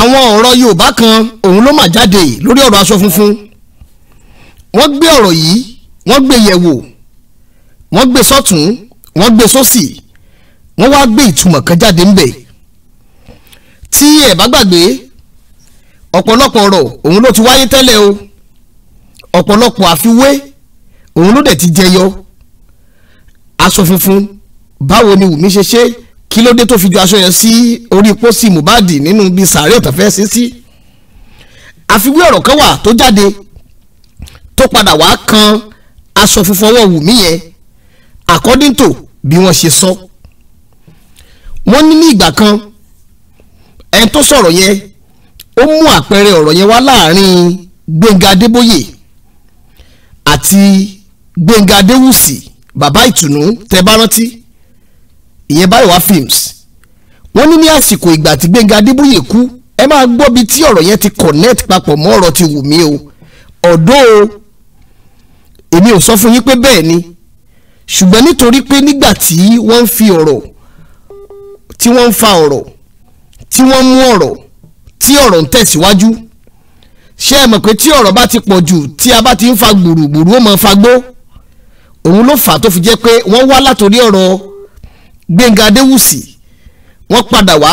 àwọn ọ̀rọ̀ Yorùbá kan òun ló mà jáde lórí ọ̀rọ̀ aṣọ funfun wọ́n gbé ọ̀rọ̀ yìí wọ́n gbé yẹ̀wò wọ́n gbé sọ́tún wọ́n gbé sósì wọ́n wá gbé ìtumọ̀ kan jáde ńbẹ̀ tí ẹ̀ bá gbàgbé ọ̀pọ̀lọpọ̀ ọ̀rọ̀ òun ló ti wáyé tẹ́lẹ̀ o ọ̀pọ̀lọpọ̀ àfiwé òun ló dẹ̀ ti jẹyọ aṣọ funfun báwo ni Wùmí ṣe ṣe é kí ló dé tó fi ju aṣọ yẹn sí orí pósí Mohbad nínú bíi sàárè tó fẹ́ sí sí àfiwé ọ̀rọ̀ kan wà tó jáde tó padà wá kan aṣọ funfun ọwọ́ Wùmí yẹn according to bí wọ́n ṣe sọ wọ́n ní ní ìgbà kan ẹni tó sọ̀rọ̀ yẹn ó mú àpẹẹrẹ ọ̀rọ̀ yẹn wá láàrin Gbénga Adébóyè àti Gbénga Adéwùsì bàbá ìtùnú tẹ bá rántí ìyẹn Báyọ̀wá films wọ́n ní ní àsìkò ìgbà tí Gbẹ́ngà Adébóyè kú ẹ máa gbọ́ bí tí ọ̀rọ̀ yẹn ti connect papọ̀ mọ́ ọ̀rọ̀ ti wù mí o ọ̀dọ́ o èmi ò sọ fún yín pé bẹ́ẹ̀ ni ṣùgbọ́n nítorí pé nígbà tí wọ́n ń fi ọ̀rọ̀ tí wọ́n ń fa ọ̀rọ̀ tí wọ́n mú ọ̀rọ̀ tí ọ̀rọ̀ ń tẹ̀síwájú ṣé ẹ mọ̀ pé tí ọ̀rọ̀ bá ti pọ̀ jù tí a bá ti ń fa gbùrùgbùrù ó máa fa òun ló fà á tó fi jẹ́ pé wọ́n wá látòrí ọ̀rọ̀ Gbẹ̀ngà Adéwùsì wọ́n padà wá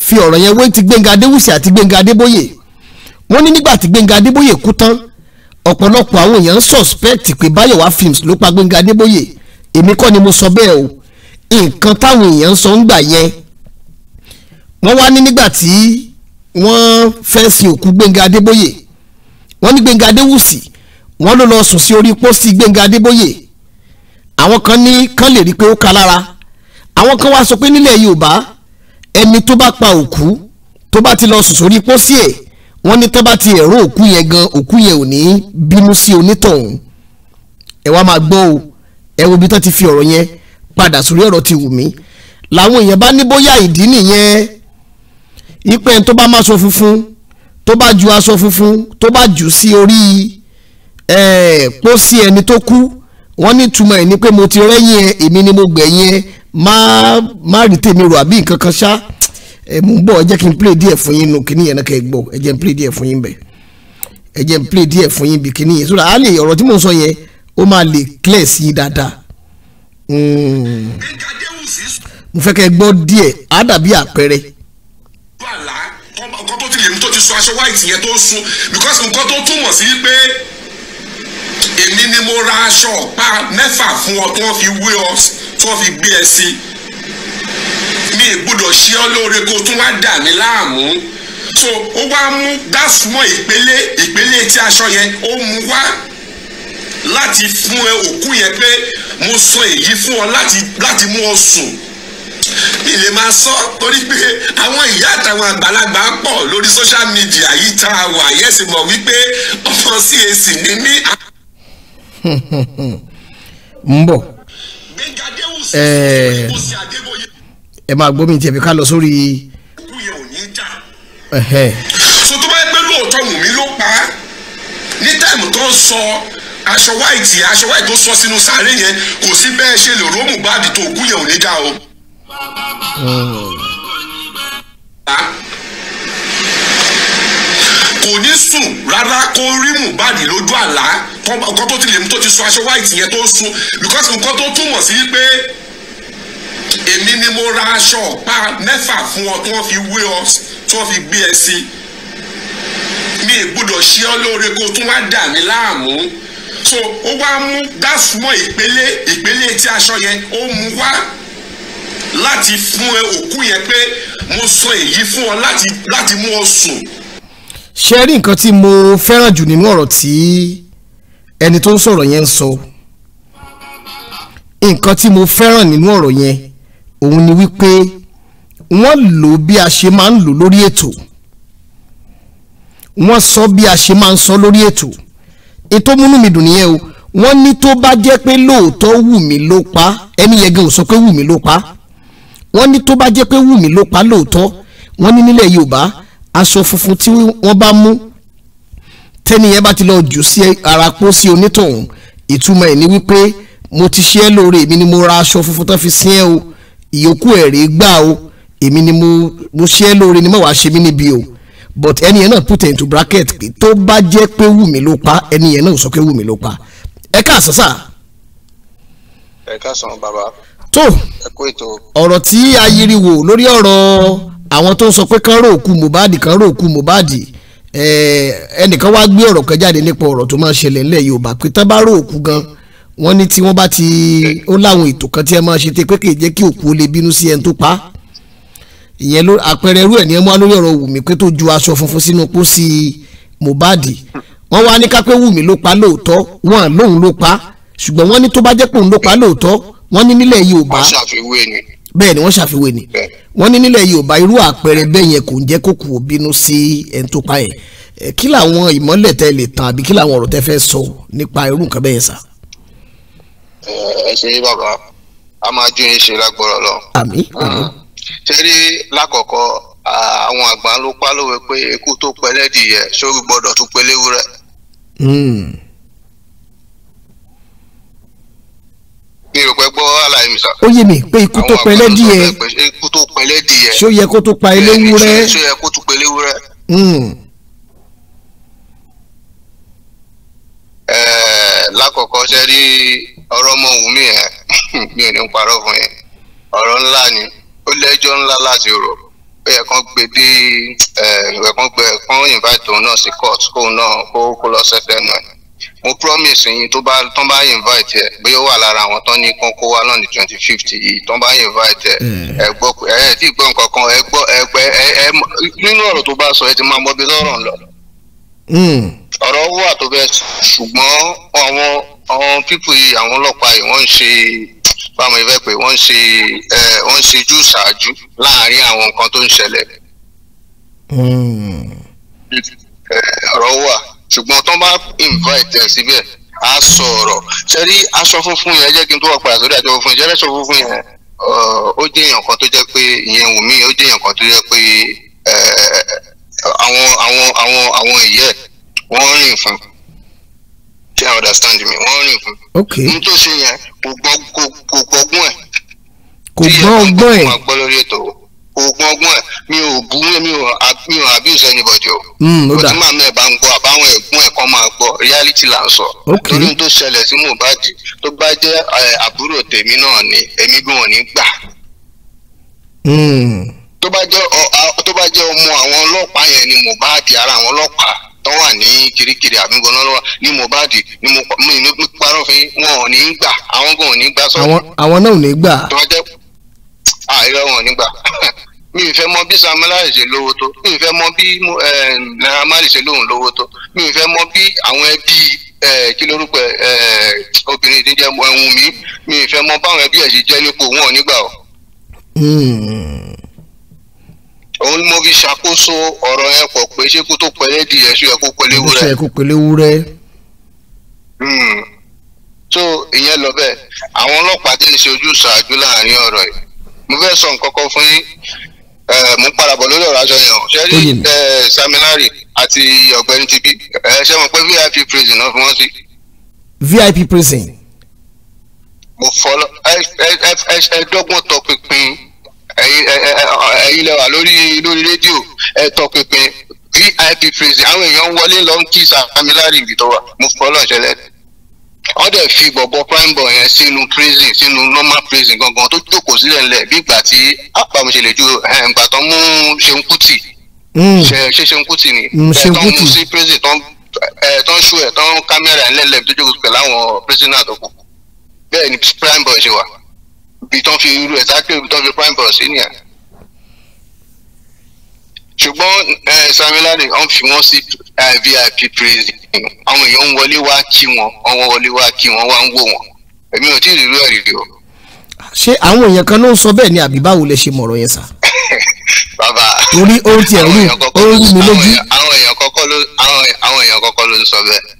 fi ọ̀rọ̀ yẹn wé ti Gbẹ̀ngà Adéwùsì àti Gbẹ̀ngà Adébóyè wọ́n ní nígbà tí Gbẹ̀ngà Adébóyè kú tán ọ̀pọ̀lọpọ̀ àwọn èèyàn ń suspect pé Báyọ̀wá films ló pa Gbẹ̀ngà Adébóyè èmi kọ́ ni mo sọ bẹ́ẹ̀ o nǹkan táwọn èèyàn ń sọ ń gbà yẹn wọ́n wá ní nígbà tí wọ́n fẹ́ sin òkú Gbẹ̀ngà Adébóyè wọ́n ní Gbẹ̀ngà Adéwùsì wọ́n ló lọ sùn sí orí pósí Gbẹ̀ngà Adébóyè àwọn kan ní kán lè rí i pé ó ka lára àwọn kan wá sọ pé nílẹ̀ Yorùbá ẹni tó bá pa òkú tó bá ti lọ sùn sórí pósí ẹ̀ wọ́n ní tó bá ti ẹ̀rọ òkú yẹn gan òkú yẹn ò ní bínú sí onítọ̀hún ẹ wá máa gbọ́ o ẹ wo ibi tó ti fi ọ̀rọ̀ yẹn padà sórí ọ̀rọ̀ ti wù mí làwọn èèyàn bá ní bóyá ìdí nìyẹn ìpẹ́ tó bá máa sọ funfun tó bá ju aṣọ funfun tó bá jù sí orí pósí ẹni tó kú wọ́n ní ìtumọ̀ ẹ̀ ni pé mo ti rẹ́yìn ẹ èmi ni mo gbẹ̀yìn ẹ má má rí tèmi rò àbí nǹkan kan ṣá ẹ mú bọ̀ ẹ jẹ́ kí n play díẹ̀ fún yín nù kíní yẹn náà kẹ́ ẹ gbọ́ ẹ jẹ́ n play díẹ̀ fún yín bẹ̀ ẹ jẹ́ n play díẹ̀ fún yín bí kíní yẹn sódà á lè ọ̀rọ̀ tí mò ń sọ yẹn ó máa lè clear sí i dáadáa hmm. mo fẹ́ kẹ́ gbọ́ díẹ̀ á dàbí àpẹẹrẹ. nǹkan tó ti lè mú tó ti sọ aṣọ white yẹn tó sun because nǹkan tó túmọ̀ sí pé èmi ni mo ra aṣọ ọ̀pá mẹ́fà fún ọ tó wọ́n fi wé ọ tí wọ́n fi gbé ẹ sí mi ì gbọ́dọ̀ ṣe ọ́ lóore kó tún wá dà mí láàmú so ó wá mú dásùmọ̀ ìpele ìpele tí aṣọ yẹn ó mú wá láti fún ẹ òkú yẹn pé mo sọ èyí fún ọ láti láti mú ọ sùn mi lè máa sọ torí pé àwọn ìyá àtàwọn àgbàlagbà pọ̀ lórí social media yìí tá a wà yẹ́sì mọ̀ wípé ọmọ CAC ni mí. ń bọ̀. Eh, ẹ máa gbọ́ mi tiẹ̀ bí ká lọ sórí. so tó bá yẹ pé lóòótọ́ wùmí ló pa á ní táìmù tó ń sọ aṣọ wáìtì aṣọ wáìtì tó sọ sínú sàárè yẹn kò sí bẹ́ẹ̀ ṣe lè rómù báàdì tó kú yẹn ò ní dá o. Hmm. kò ní sùn rárá kó rí Mohbad lójú àlá kó tó ti lè mú tó ti sọ aṣọ wáìtì yẹn tó ń sùn because nǹkan tó túmọ̀ sí pé èmi ni mo ra aṣọ ọ̀pá mẹ́fà fún ọ tí wọ́n fi wé ọ tí wọ́n fi gbé ẹ sí mi ì gbọ́dọ̀ ṣe ọ́ lóore kó tún wá dà mí láàmú so ó wá mú dásùmọ̀ ìpele ìpele tí aṣọ yẹn ó mú wá láti fún ẹ òkú yẹn pé mo sọ èyí fún ọ láti láti mú ọ sùn. ṣe rí nǹkan tí mo fẹ́ràn jù nínú ọ̀rọ̀ tí ẹni tó ń sọ̀rọ̀ yẹn ń sọ nǹkan tí mo fẹ́ràn nínú ọ̀rọ̀ yẹn òun ni wípé wọ́n lò bí a ṣe máa ń lò lórí ètò wọ́n sọ bí a ṣe máa ń sọ lórí ètò ètò múnú mi dùn nìyẹn o wọ́n ní tó bá jẹ́ pé lóòótọ́ wù mí ló pa ẹni yẹn gan ò sọ pé wù mí ló pa wọ́n ní tó bá jẹ́ pé wù mí ló pa lóòótọ́ wọ́n ní nílẹ̀ Yorùbá aṣọ funfun tí wọ́n bá mú tẹ́niyẹn bá ti lọ jù sí ara sí onítọ̀hún ìtumọ̀ ẹ̀ ni wípé mo ti ṣe é lóore èmi ni mo ra aṣọ funfun tán fi sí ẹ o ìyókù ẹ̀rí gbà o èmi ni mo mo ṣe é lóore ni mo wàá ṣe mí níbi o but ẹni yẹn náà put into bracket pé tó bá jẹ́ pé Wùmí ló pa ẹni yẹn náà sọ pé Wùmí ló pa ẹ káàsán sà. ẹ káàsán bàbá. tó ọ̀rọ̀ tí a yiri wò lórí ọ̀rọ̀ àwọn tó ń sọ pé kán rò òkú Mohbad kán rò òkú Mohbad eh, ẹnìkan wá gbé ọ̀rọ̀ kan jáde nípa ọ̀rọ̀ tó máa ṣẹlẹ̀ ńlẹ̀ Yorùbá pé tán bá rò òkú gan-an wọ́n ní tí wọ́n bá ti ó láwọn ètò kan tí ẹ máa ṣe tẹ pé kì í jẹ́ kí òkú ó lè bínú sí ẹni tó pa á ìyẹn ló àpẹẹrẹ irú ẹ̀ ní ẹ mú alórí ọ̀rọ̀ Wùmí pé tó ju aṣọ funfun sínú pósí Mohbad wọ́n wá ní kápẹ́ Wùmí ló pa lóòótọ́ wọ́n lóun ló pa ṣùgbọ́n wọ́n ní tó bá jẹ́ pé ló pa lóòótọ́ wọ́n ní nílẹ̀ Yorùbá bẹ́ẹ̀ ni wọ́n ṣàfiwé ni wọ́n ní nílẹ̀ Yorùbá irú àpẹẹrẹ bẹ́ẹ̀ yẹn kò ń jẹ́ kó kù bínú sí ẹni tó pa ẹ̀ kí làwọn ìmọ̀lẹ̀ tẹ́ lè tàn àbí kí làwọn ọ̀rọ̀ tẹ́ fẹ́ sọ nípa irú nǹkan bẹ́ẹ̀ sà ẹ ṣe yí bàbá a máa jó yín ṣe lágbára lọ. Ah. àmín. ṣé rí lákọ̀ọ́kọ́ àwọn àgbà ló pa lówe pé ikú tó pẹlẹ́dì yẹ sórí gbọ́dọ̀ tún pé léwúrẹ́. Hmm. mi ò pẹ́ gbọ́ àlàyé mi sà. ó yé mi pé ikú tó pẹlẹ́dì yẹ ikú tó pẹlẹ́dì yẹ ṣó yẹ kó tó pa eléwúrẹ́. ṣó yẹ kó tó pa eléwúrẹ́. Hmm. Eh, lákọ̀ọ́kọ́ ṣe ọ̀rọ̀ ọmọ Wùmí yẹn mi ò ní parọ́ fún yẹn ọ̀rọ̀ ńlá ni ó lẹ́jọ́ ńlá láti rò ó yẹ kán gbé dé ẹ kán gbé kán invite òun náà sí court kóun náà kó kó lọ sẹfẹ nù mo promise yín tó bá tán bá invite ẹ bóyá ó wà lára àwọn tán ní kán kó náà ní twenty fifty yìí tán bá invite ẹ mm. ẹ gbọ́ ẹ ẹ tí gbọ́ nǹkan kan ẹ gbọ́ ẹ gbẹ ẹ ẹ nínú ọ̀rọ̀ tó bá sọ ẹ ti máa mọ̀ bí lọ́rọ̀ ń mm. ọ̀rọ̀ wà tó bẹ ṣùgbọ́n àwọn àwọn pípù yìí àwọn ọlọ́pàá yìí wọ́n ń ṣe báwọn ẹ̀fẹ́ pé wọ́n ń ṣe wọ́n ń ṣe jù ṣáájú láàárín àwọn nǹkan tó ń ṣẹlẹ̀. Hmm. ọ̀rọ̀ wà ṣùgbọ́n tó bá invite ẹ̀ síbẹ̀ á sọ ọ̀rọ̀ ṣẹ́rí aṣọ funfun yẹn jẹ́ kí n tó wọ́pẹ́ àtúndì àjọ funfun yẹn aṣọ funfun yẹn ó jẹ́ èèyàn kan tó jẹ́ pé ìyẹn wù mí ó jẹ́ èèyàn kan tó jẹ́ pé àwọn àwọn àwọn àwọn ìyẹ́ wọ́n rìn fún un ṣe understand mi wọ́n rìn fún. ok n tó ṣe yẹn kò gbọ́ kò gbọ́gbọ́n ẹ̀. kò gbọ́ ẹ̀. kò gbọ́ lórí kò gbọ́ ẹ̀ mi ò bú mi ò mi ò abuse anybody o. Hmm, kò tí màmá ẹ̀ bá ń gbọ́ àbáwọn ẹ̀gbọ́n ẹ̀ máa gbọ́ reality là ń sọ. ok torí n tó ṣẹlẹ̀ sí Mohbad tó bá jẹ́ àbúrò tèmi náà ni èmi bí wọ́n ní gbà. Hmm. tó bá jẹ́ ọmọ àwọn ọlọ́pàá yẹn ni Mohbad ara àwọn ọlọ́pàá wà ní Kirikiri àbígbọn náà lọ́wọ́ ní Mohbad ní mo parọ́ fún yín wọn ò ní gbà àwọn gan ò ní gbà sọ́ọ̀tì. àwọn náà ò ní gbà. tọ́jẹ́ àìrọ̀ wọn ò ní gbà mi ì fẹ́ mọ bí Sam ṣe lówó tó mi ì fẹ́ mọ bí Naira Marley ṣe lóhùn lówó tó mi ì fẹ́ mọ bí àwọn ẹbí kí lórúkọ obìnrin ìdíjẹ ẹ̀hún mi mi ì fẹ́ mọ báwọn ẹbí ẹ̀ ṣe jẹ́ nípò wọn ò ní gbà o. Hmm òun ni mo fi ṣàkóso ọ̀rọ̀ yẹn pọ̀ pé ṣé kó tó pẹ̀lẹ́ di ẹ̀ṣù ẹ̀kú pẹ̀lẹ́ wúrẹ́. ẹ̀ṣù ẹ̀kú pẹ̀lẹ́ wúrẹ́. Hmm. so ìyẹn lọ bẹ́ẹ̀ àwọn ọlọ́pàá dé ṣe ojú ṣáájú láàrin ọ̀rọ̀ yìí mo fẹ́ sọ nǹkan kan fún yín eh, mo ń padà lórí ọ̀rọ̀ aṣọ yẹn o ṣe rí eh, Saminari àti ọ̀gbẹ́ni ti bí eh, ṣe mọ̀ pé VIP prison náà fi wọ́n sí. VIP prison. mo fọlọ ẹ ẹ ẹ ẹ dọ́gbọ́n tọpinpin ẹ̀yin lẹ́wà lórí lórí rédíò ẹ tọpinpin vip praise àwọn èèyàn ń wọlé lọ ń kí sàmì láàrin ibi tó wà mo fọlọ́ ìṣẹ̀lẹ̀ wọ́n dẹ̀ fi bọ̀bọ̀ prime boy yẹn sínú prison sínú normal prison gangan tó jókòó sílẹ̀ ńlẹ̀ bí ìgbà tí àpamọ̀ ṣe lè ju ìgbà tó mú Ṣeun Kútì mm. ṣe Ṣeun Kútì ni mm, ẹ̀ tó mú sí prison tó ń ṣú ẹ̀ tó ń kámẹ́rà ńlẹ̀ tó jókòó pẹ̀lú àwọn prisoner tó kù bẹ́ẹ̀ ni prime boy ṣe wà ibi tó fi irú exactly ibi tó fi prime ball sí nìyẹn ṣùgbọ́n Sami Lade wọ́n fi wọ́n sí vip prison àwọn èèyàn ń wọlé wá kí wọn wọ́n wọlé wá kí wọn wá ń wò wọn èmi ò tí ì rírú ẹ̀ rí o. ṣé àwọn èèyàn kan ló ń sọ bẹ́ẹ̀ ni àbí báwo lẹ ṣe mọ̀rọ̀ yẹn sà. bàbá orí orí tiẹ̀ rí orí mi lójú. àwọn èèyàn kọ́kọ́ ló ń sọ bẹ́ẹ̀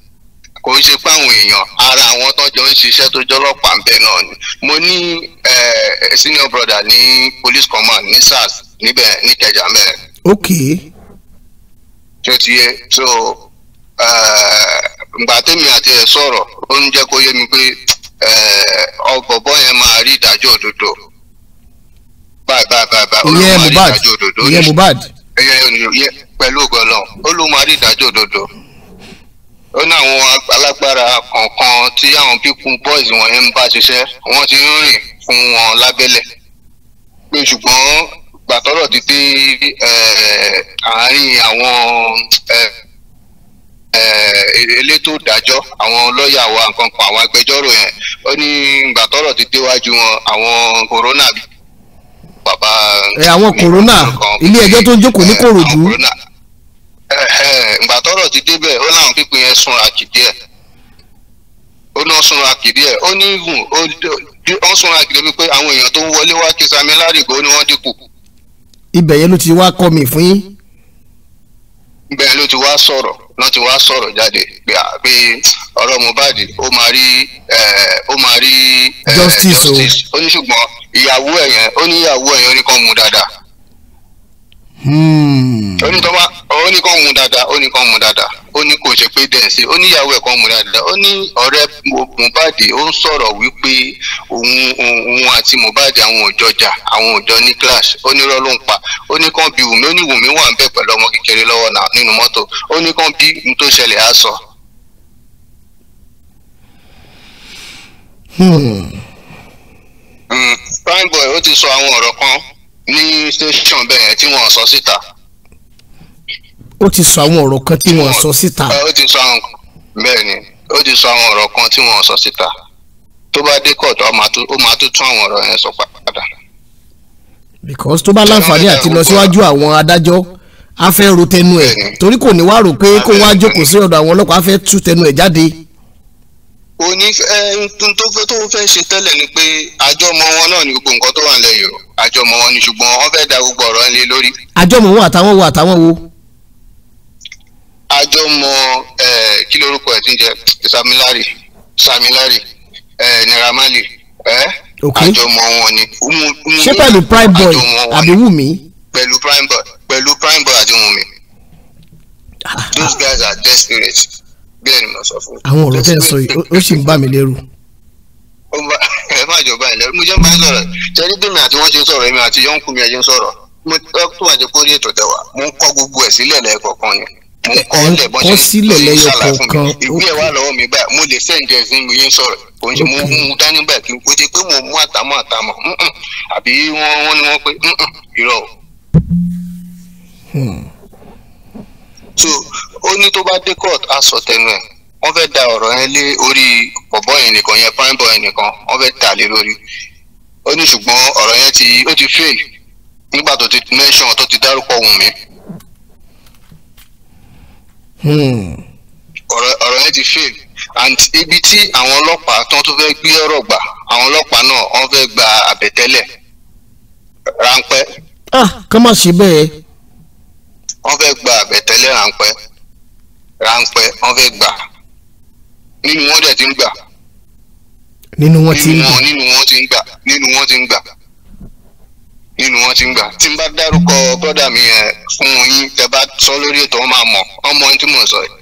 kò ń ṣe pé àwọn èèyàn ara àwọn tọ́jọ́ ń ṣiṣẹ́ tó jọlọ́pàá ń bẹ̀ náà ni mo ní senior brother ní police command ní sars níbẹ̀ níkẹjà mẹ́rin. ok. ṣé ti yé so ǹgbà tèmi àti ẹ̀ sọ̀rọ̀ ó ń jẹ́ kó yé mi pé ọ̀bọ̀bọ̀ yẹn máa rí ìdájọ́ òdodo báyìí báyìí báyìí ó ló máa rí ìdájọ́ òdodo ìyẹn Mohbad pẹ̀lú ògbọ́n náà ó ló máa rí ìdájọ́ òdodo ó ní àwọn alágbára kọ̀ọ̀kan tí àwọn pípun boys wọ̀nyẹn ń bá ṣiṣẹ́ wọ́n ti ń rìn fún wọn lábẹ́lẹ̀ pé ṣùgbọ́n gbàtọ́rọ̀ ti dé eh, àárín àwọn eh, eh, elétò ìdájọ́ àwọn lọ́ọ̀yà wa nǹkan kan àwọn agbẹjọ́rò yẹn ó ní gbàtọ́rọ̀ ti déwájú wọn àwọn corona bàbá. àwọn corona ilé ẹjọ́ tó ń jókòó ní Kòròdú. ìgbà tọ́rọ̀ ti débẹ̀ ó láwọn pínpín yẹn súnra kì ẹ ó ní wọ́n súnra kì díẹ̀ ó ní ìgùn ó súnra kì débi pé àwọn èèyàn tó ń wọlé wá kí Sami Lárìgò ó ní wọ́n dínkù. ibẹ̀ yẹn ló ti wá kọ́ mi fún yín. ibẹ̀ yẹn ló ti wá sọ̀rọ̀ ló ti wá sọ̀rọ̀ jáde pé pé ọ̀rọ̀ Mohbad ó máa rí ó máa rí justice ó ní ṣùgbọ́n ìyàwó ẹ̀yẹn ó ní ìyàwó ẹ̀yẹn ó ní kàn mú dáadáa Hmm. ó ní kọ́ wá ó ní kọ́ mu dáadáa ó ní kọ́ mu dáadáa ó ní kò ṣe pé dẹ̀sí ó ní ìyàwó ẹ̀ kọ́ mu dáadáa ó ní ọ̀rẹ́ Mohbad ó ń sọ̀rọ̀ wípé òun òun àti Mohbad àwọn òjọ jà àwọn òjọ ní clash ó ní rọ́ọ̀lù ń pa ó ní kàn bí Wùmí ó ní Wùmí wà ń bẹ̀ pẹ̀lú ọmọ kékeré lọ́wọ́ náà nínú mọ́tò ó ní kàn bí n tó ṣẹlẹ̀ á sọ. Prime hmm. hmm. boy ó ti sọ àwọn ọ̀rọ̀ kan ní station bẹ́ẹ̀ tí wọ́n sọ síta. ó ti sọ àwọn ọ̀rọ̀ kan tí wọ́n sọ síta. ó ti sọ àwọn bẹ́ẹ̀ ni ó ti sọ àwọn ọ̀rọ̀ kan tí wọ́n sọ síta tó bá dé kọ̀tọ̀ ó máa tún tún àwọn ọ̀rọ̀ yẹn sọ padà. because tó bá láǹfààní àti lọ síwájú àwọn adájọ́ á fẹ́ ro tẹnu ẹ̀ torí kò ní wá rò pé kó wá jókòó sí ọ̀dọ̀ àwọn ọlọ́pàá á fẹ́ tú tẹnu ẹ̀ jáde òní tó fẹ́ tó fẹ́ ṣe tẹ́lẹ̀ ni pé àjọmọ̀ wọn náà ni gbogbo nǹkan tó wà nílẹ̀ Yorùbá àjọmọ̀ wọn ni ṣùgbọ́n wọ́n fẹ́ da gbogbo ọ̀rọ̀ ńlẹ̀ lórí. àjọmọ̀ wọn àtàwọn wo àtàwọn wo. àjọmọ̀ kí lorúkọ ẹ̀ ti ń jẹ́ samilari samilari naira marley àjọmọ̀ wọn ni. ṣé pẹ̀lú prime boy àbí wùmí. pẹ̀lú prime boy pẹ̀lú prime sọ fún un. àwọn ọ̀rọ̀ tẹ́ ń sọ yìí ó sì ń bà mí lẹ́rù. ẹ má jọba ẹ lẹ́rù mo jẹ́ báyìí sọ̀rọ̀ tẹ́lí bí mi àti wọ́n ti ń sọ̀rọ̀ èmi àti yọ̀ǹkù mi ẹ̀ ń sọ̀rọ̀ mo tó wà jẹ́ kó rí ètò tẹ̀wà mo ń kọ́ gbogbo ẹ̀ sílẹ̀ lẹ́ẹ̀kọ̀ọ̀kan ni mo ń kọ́ lẹ̀ bọ́n ṣe ń ṣàlàyé fún mi ìwé ẹ̀ wà lọ́wọ́ mi báyìí mo lè sẹ́ǹdì ẹ̀ sí o hmm. so ó ní tó bá dé court á tẹnu ẹ wọ́n fẹ́ da ọ̀rọ̀ yẹn lé orí bọ̀bọ́ yẹn nìkan yẹn prime boy nìkan wọ́n fẹ́ tà lé lórí ó ní ṣùgbọ́n ọ̀rọ̀ yẹn ti ó ti fail nígbà tó ti mention tó ti dárúkọ Wùnmí. Hmm. ọ̀rọ̀ yẹn ti fail and ibi tí àwọn ọlọ́pàá tó tún fẹ́ gbé ọ̀rọ̀ gbà àwọn ọlọ́pàá náà wọ́n fẹ́ gba àbẹ̀tẹ́lẹ̀ ráńpẹ́. ah kó má ṣe bẹ́ẹ̀. wọ́n fẹ́ gba àbẹ̀tẹ́lẹ̀ ráńpẹ́ ráńpẹ́ wọ́n fẹ́ gbà nínú wọn dẹ̀ ti ń gbà. nínú wọn ti ń gbà nínú wọn ti ń gbà nínú wọn ti ń gbà nínú wọn ti ń gbà tí n bá dárúkọ bọ́dà mi yẹn fún yín tẹ bá sọ lórí ètò wọn máa ọmọ ohun tí mò ń sọ yìí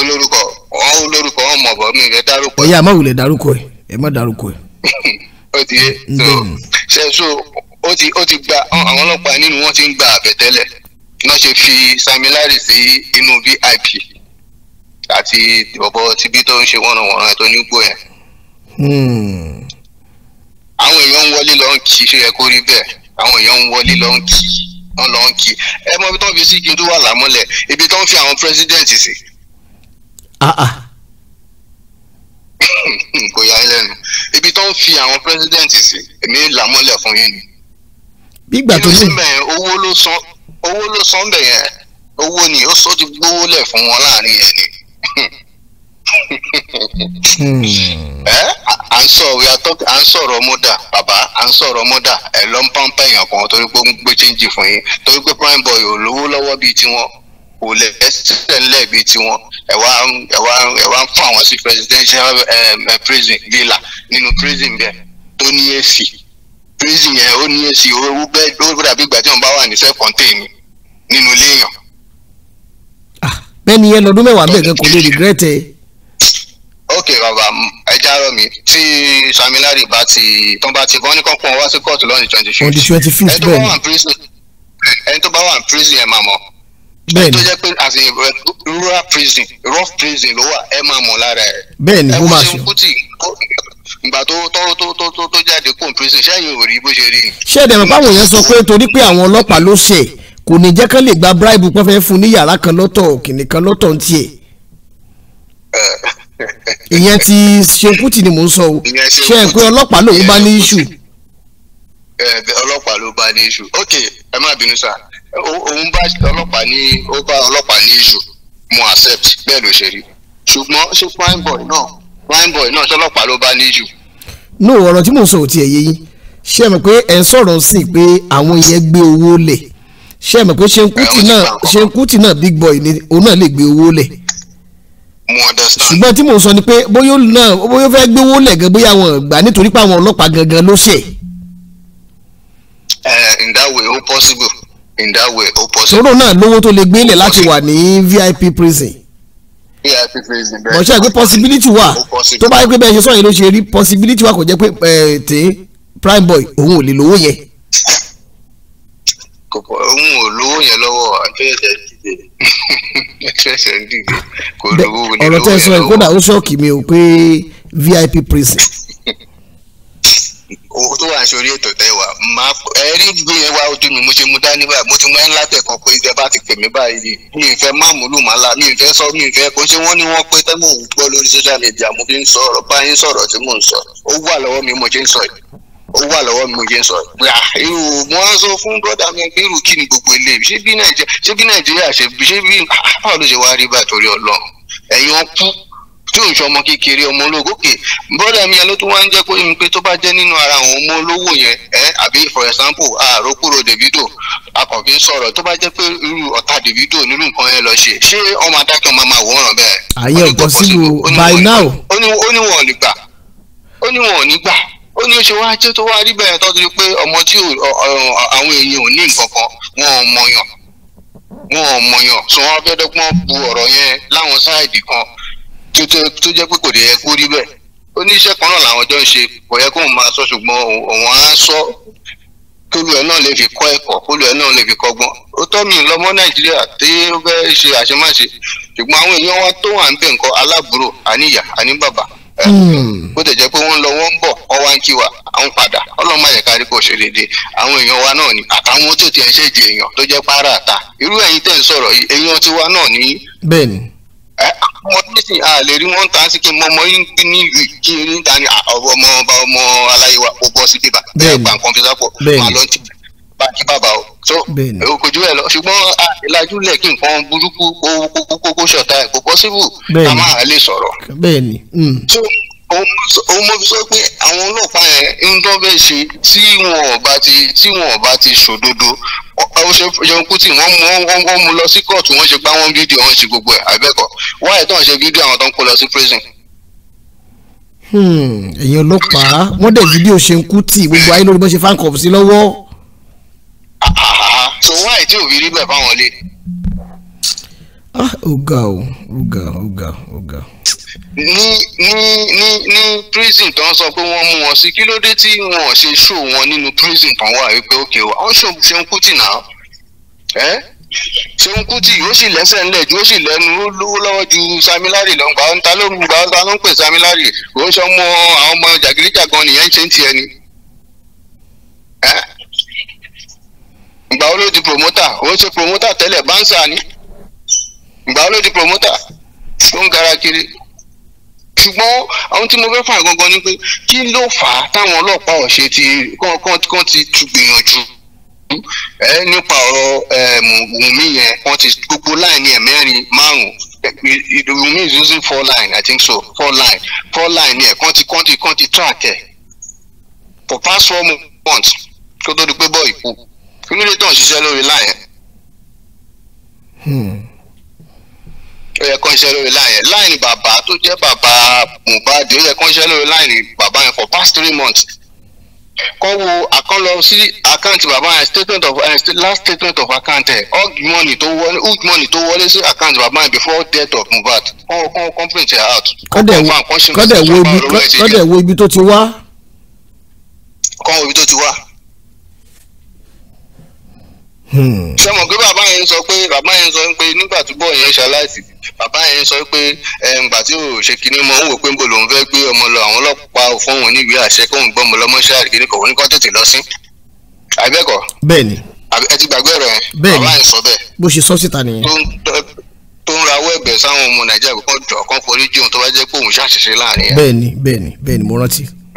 olórúkọ ah. olórúkọ ọmọ ọ̀bọ mi yẹn dárúkọ. ẹ̀yà má wulẹ̀ dárúkọ ẹ̀ ẹ̀ má dárúkọ ẹ̀. ó ti ṣe so ó ti ó ti gba àwọn ọlọ́pàá nínú wọn ti ń gba àbẹ̀tẹ́lẹ̀ náà ṣe fi Sam Larry sí inú VIP àti ọ̀bọ tibí tó ń ṣe wọ́n wọ̀n ẹ̀ ní gbò yẹn. Hmm. àwọn èèyàn ń wọlé lọ ń kí ṣe yẹ kó rí bẹ́ẹ̀ àwọn èèyàn ń wọlé lọ ń kí wọ́n lọ ń kí ẹ mọ ibi tó ń fi síkì tó wà lámúlẹ̀ ibi tó ń fi àwọn pírẹsidẹ́ǹtì sí. Ah, ah. kò yà lẹ́nu ibi tó ń fi àwọn pírẹsidẹ́ǹtì sí èmi làmúlẹ̀ fún yín ni. bí tó ní. inú sí owó ló san owó ló san bẹ̀yẹn owó ni ó sọ ti gbówó lẹ̀ fún wọn láàrin yẹn ni Hmm. Eh? à ń sọ̀rọ̀ ya tọ́kì à ń sọ̀rọ̀ mọ́dà bàbá à ń sọ̀rọ̀ mọ́dà ẹ̀ lọ́n pàǹpà èèyàn kan torí pé ó ń gbé chẹ́ǹjì fún yín torí pé prime boy ò lówó lọ́wọ́ bíi tiwọn kò lè ẹ́sílẹ̀ ńlẹ̀ bíi tiwọn ẹ̀ wá ẹ̀ wá ẹ̀ wá ń fún àwọn sí presidential eh, eh, prison villa nínú prison bẹ́ẹ̀ tó ní èsì prison yẹn ó ní èsì owó bẹ́ẹ̀ ó dàbí ìgbà tí bá wà ní self-contained nínú ilé lẹ́ni yẹn lọ́dún mẹ́wàá bẹ́ẹ̀ kẹ́ kò lè regret ok bàbá ẹja rọ mi tí Sami Larry bá ti tán bá ti bọ́ ní kọ́ńpọ̀n wá sí kóòtù lọ́ọ̀nì twenty fifth. twenty twenty fifth bẹ́ẹ̀ ni ẹni tó bá wà ní prison ẹ̀ máa mọ̀ bẹ́ẹ̀ni tó jẹ́ pé àti rural prison rough prison ló wà ẹ máa mọ̀ lára ẹ̀. bẹ́ẹ̀ni ó máa sùn ìgbà tó tọ́rọ tó tó tó tó jáde kó n prison ṣẹ́yìn ò rí bó ṣe rí. ṣé ẹ̀dẹ̀ mọ̀ pé sọ pé torí pé àwọn ọlọ́pàá ló ṣe kò ní jẹ́ kán lè gba bribe pọ́n fẹ́ fún ní yàrá kan lọ́tọ̀ òkìní kan lọ́tọ̀ ń tiẹ̀ ìyẹn ti Ṣeun Kútì ni mò ń sọ o ṣe é pé ọlọ́pàá lòun bá ní issue. ọlọ́pàá ló bá ní issue ok ẹ má bínú sá òun bá ọlọ́pàá ní ó bá ọlọ́pàá ní issue mo accept bẹ́ẹ̀ ló ṣe rí ṣùgbọ́n ṣé prime boy náà Fine boy náà ṣọlọ́pàá ló bá ní issue. no ọ̀rọ̀ tí mò ń sọ ò tiẹ̀ yé yín ṣé ẹ pé ẹ̀ sọ̀rọ̀ sí i pé àwọn yẹn gbé owó lẹ̀ ṣé ẹ mọ̀ pé ṣe náà ṣe náà big boy ni òun náà lè gbé owó lẹ̀ ṣùgbọ́n tí mò ń sọ ni pé bóyá náà bóyá fẹ́ gbówó lẹ̀ gan bóyá wọn gbà nítorí pé àwọn ọlọ́pàá gangan ló ṣe. Eh, in that way ó possible in that way ó possible. sọ̀rọ̀ náà lówó tó lè gbélé láti wà ní VIP prison. VIP prison bẹ́ẹ̀ mọ̀ ṣe àgbẹ̀ possibility wà tó bá yẹ pé bẹ́ẹ̀ ṣe sọ̀rọ̀ yẹn ló ṣe rí possibility wà kò jẹ́ pé eh, tí prime boy òun ò lè lówó yẹn. lówó yẹn lọ́wọ́ àtúnyẹsẹ dìde àtúnyẹsẹ dìde kò lówó yẹn lọ́wọ́. ọ̀rọ̀ tẹ́ kódà ó ṣọ́ọ̀kì mi ò pé vip prison. owó tó wà sórí ètò tẹ wà máa ẹ rí gbé yẹn wá ojú mi mo ṣe mú dání báyìí mo ti mú ẹ ńlá tẹ̀kọ́ pé ìjọba ti pè mí báyìí mi ì fẹ́ má múlù má la mi ì fẹ́ sọ mi ì fẹ́ kó ṣe wọ́n ní wọ́n pé tẹ́mọ̀ òun gbọ́ lórí social media mo fi ń sọ̀rọ̀ báyìí sọ̀rọ̀ tí mò ń sọ ó wà lọ́wọ́ mi mo yẹ sọ gbà ah, irú mo wá sọ fún brọ́dà mi pé irú kí ni gbogbo eléyìí ṣé bí nàìjíríà ṣé bí nàìjíríà ṣe bí ṣé bí ah, ah, báwo ló ṣe wá rí bá torí ọlọ́run ẹ̀yin wọn kú tí òun ṣe ọmọ kékeré ọmọ ológo kè brọ́dà mi yẹn ló tún wá ń jẹ́ pé mi pé tó bá jẹ́ nínú ara àwọn ọmọ olówó yẹn ẹ àbí for example àròkúrò Davido akọ̀fin sọ̀rọ̀ tó bá jẹ́ pé irú ọ̀tá Davido nínú nǹkan yẹn lọ ṣe ṣé ọmọ adákan máa máa wòran bẹ́ẹ̀. àyẹ̀ ọ̀pọ̀ sílùú by now. ó ní wọn ò ní gbà ó ní wọn ò ní gbà ó ní oṣù wájú tó wá rí bẹ́ẹ̀ tọ́jú pé ọmọ tí àwọn èèyàn ò ní nǹkan kan wọn ò mọyàn wọn ò mọyàn so wọn fẹ́ dọ́gbọ́n bu ọ̀rọ̀ yẹn láwọn sáìdì kan tó jẹ́ pé kò dé yẹ kó rí bẹ́ẹ̀ oníṣẹ́ kan náà làwọn jọ ń ṣe kò yẹ kóun máa sọ ṣùgbọ́n òun á sọ kólú ẹ̀ náà lè fi kọ́ ẹ̀kọ́ kólú ẹ̀ náà lè fi kọ́gbọ́n ó tọ́ mi lọ́mọ nàìjíríà tí ó fẹ́ ṣe àṣemáṣe ṣùgbọ́n àwọn èèyàn wa tó wà ń bẹ̀ nǹkan aláàbúrò àníyà àníbàbà Hmm. bó tẹ̀ jẹ́ pé wọ́n lọ wọ́n ń bọ̀ wọ́n wá ń kí wa à ń padà ọlọ́mọ àyẹ̀ká rí kò ṣe déédéé àwọn èèyàn wa náà ni àtàwọn tó ti ẹ̀ ṣe jẹ èèyàn tó jẹ́ pààrà àta irú ẹ̀yin tẹ̀ ń sọ̀rọ̀ yìí èèyàn tiwa náà ni. bẹ́ẹ̀ni. àwọn tẹ̀sí a lè rí wọn tán sí kí mo mọ ní kí n ta ni ọmọ ọmọ aláyẹwà ó bọ́ sí bàǹkì bàbà o so òkòjú ẹ lọ ṣùgbọ́n àìlajúlẹ̀ kí nǹkan burúkú kókó ṣọ̀tá ẹ̀ kò pọ́síbù ká máa lè sọ̀rọ̀. bẹ́ẹ̀ni. Hmm. so òun mo fi sọ pé àwọn ọlọ́pàá yẹn ń dán bẹ́ẹ̀ ṣe tí wọn ò bá ti tí wọn ò bá ti ṣòdodo ó ṣe Ṣeun Kútì wọ́n mú wọ́n mú lọ sí kóòtù wọ́n ṣe gbá wọn fídíò wọ́n ṣe gbogbo ẹ̀ àbẹ́kọ̀ wọ́n ẹ̀ tó ń ṣe fídíò àwọn tó ń kó lọ sí prison. Hmm. ẹ̀yin ọlọ́pàá wọ́n dẹ̀ fídíò Ṣeun Kútì gbogbo ayé lórí bó ṣe fáńkọ̀ọ̀fù sí lọ́wọ́ so why tí òbí rí bẹ́ẹ̀ fáwọn lé. Ah, ó ga ó ga ó ga ó ga. ní ní ní ní prison tó ń sọ pé wọ́n mú wọn sí kí ló dé tí wọn ò ṣe ṣó wọn nínú prison tó ń wà wípé ókè o àwọn ṣòun ṣe ń kú tì náà ẹ́ ṣeun Kuti yóò sì lẹ́sẹ̀ ńlẹ̀ yóò sì lẹ́nu ó lówó lọ́wọ́ ju Sami Larry lọ gbà ń ta ló ń gbà ń ta ló ń pè Sami Larry òun ṣọmọ àwọn ọmọ jàgídíjàgan nìyẹn ń ṣe ń tiẹ̀ ni. promoter òun ṣe promoter tẹ́lẹ̀ bánsà ni ìgbà wo ló di promoter tó ń gara kiri ṣùgbọ́n ohun tí mo fẹ́ fà gangan ni pé kí ló fà á táwọn ọlọ́pàá ọ̀ṣẹ́ ti kàn ti tún gbìyànjú ẹ nípa ọ̀rọ̀ Wùmí yẹn wọ́n ti gbogbo láìní ẹ̀ mẹ́rin márùn-ún Wùmí is using four line I think so four line four line yẹn kàn ti kàn ti kàn ti track ẹ̀ for past four months kó tó di pé bọ́ọ̀ ìkú kí ló dé tó ń ṣiṣẹ́ lórí láyẹn. Hmm. ó yẹ kó ń ṣiṣẹ́ lórí láyẹn láyìn bàbá tó jẹ́ bàbá Mohbad ó yẹ kó ṣiṣẹ́ lórí láyìn bàbá yẹn for past three months kọ́ wo àkànlọ sí àkáǹtì bàbá yẹn statement of uh, last statement of account ẹ̀ hug money tó wọlé hug money tó wọlé sí àkáǹtì bàbá yẹn before death of Mohbad kọ́ kọ́ complaint ẹ̀ out. kọ́dẹ̀ wo ibi tó ti wá. kọ́ wo ibi tó ti wá. Hmm. ṣé mọ̀ pé bàbá yẹn sọ pé bàbá yẹn sọ pé nígbà tó bọ̀ yẹn ṣaláìsì bàbá yẹn sọ pé ìgbà tí ò ṣe kinní mọ́ ń wò pé ń bò lòun fẹ́ gbé ọmọ lọ àwọn ọlọ́pàá fún òun níwèé àṣẹ kóun gbọ́ ọmọ lọ́mọ ṣáà kí ni kò ní kó tètè lọ sí. àbẹ́kọ̀ bẹ́ẹ̀ni ẹ ti gbàgbé rẹ̀ bàbá yẹn sọ bẹ́ẹ̀ bó ṣe sọ síta nìyẹn tó ń rawọ́ ẹ̀bẹ̀ sáwọn ọmọ nàìjíríà kọ́ńtò ọ̀kan forí jíun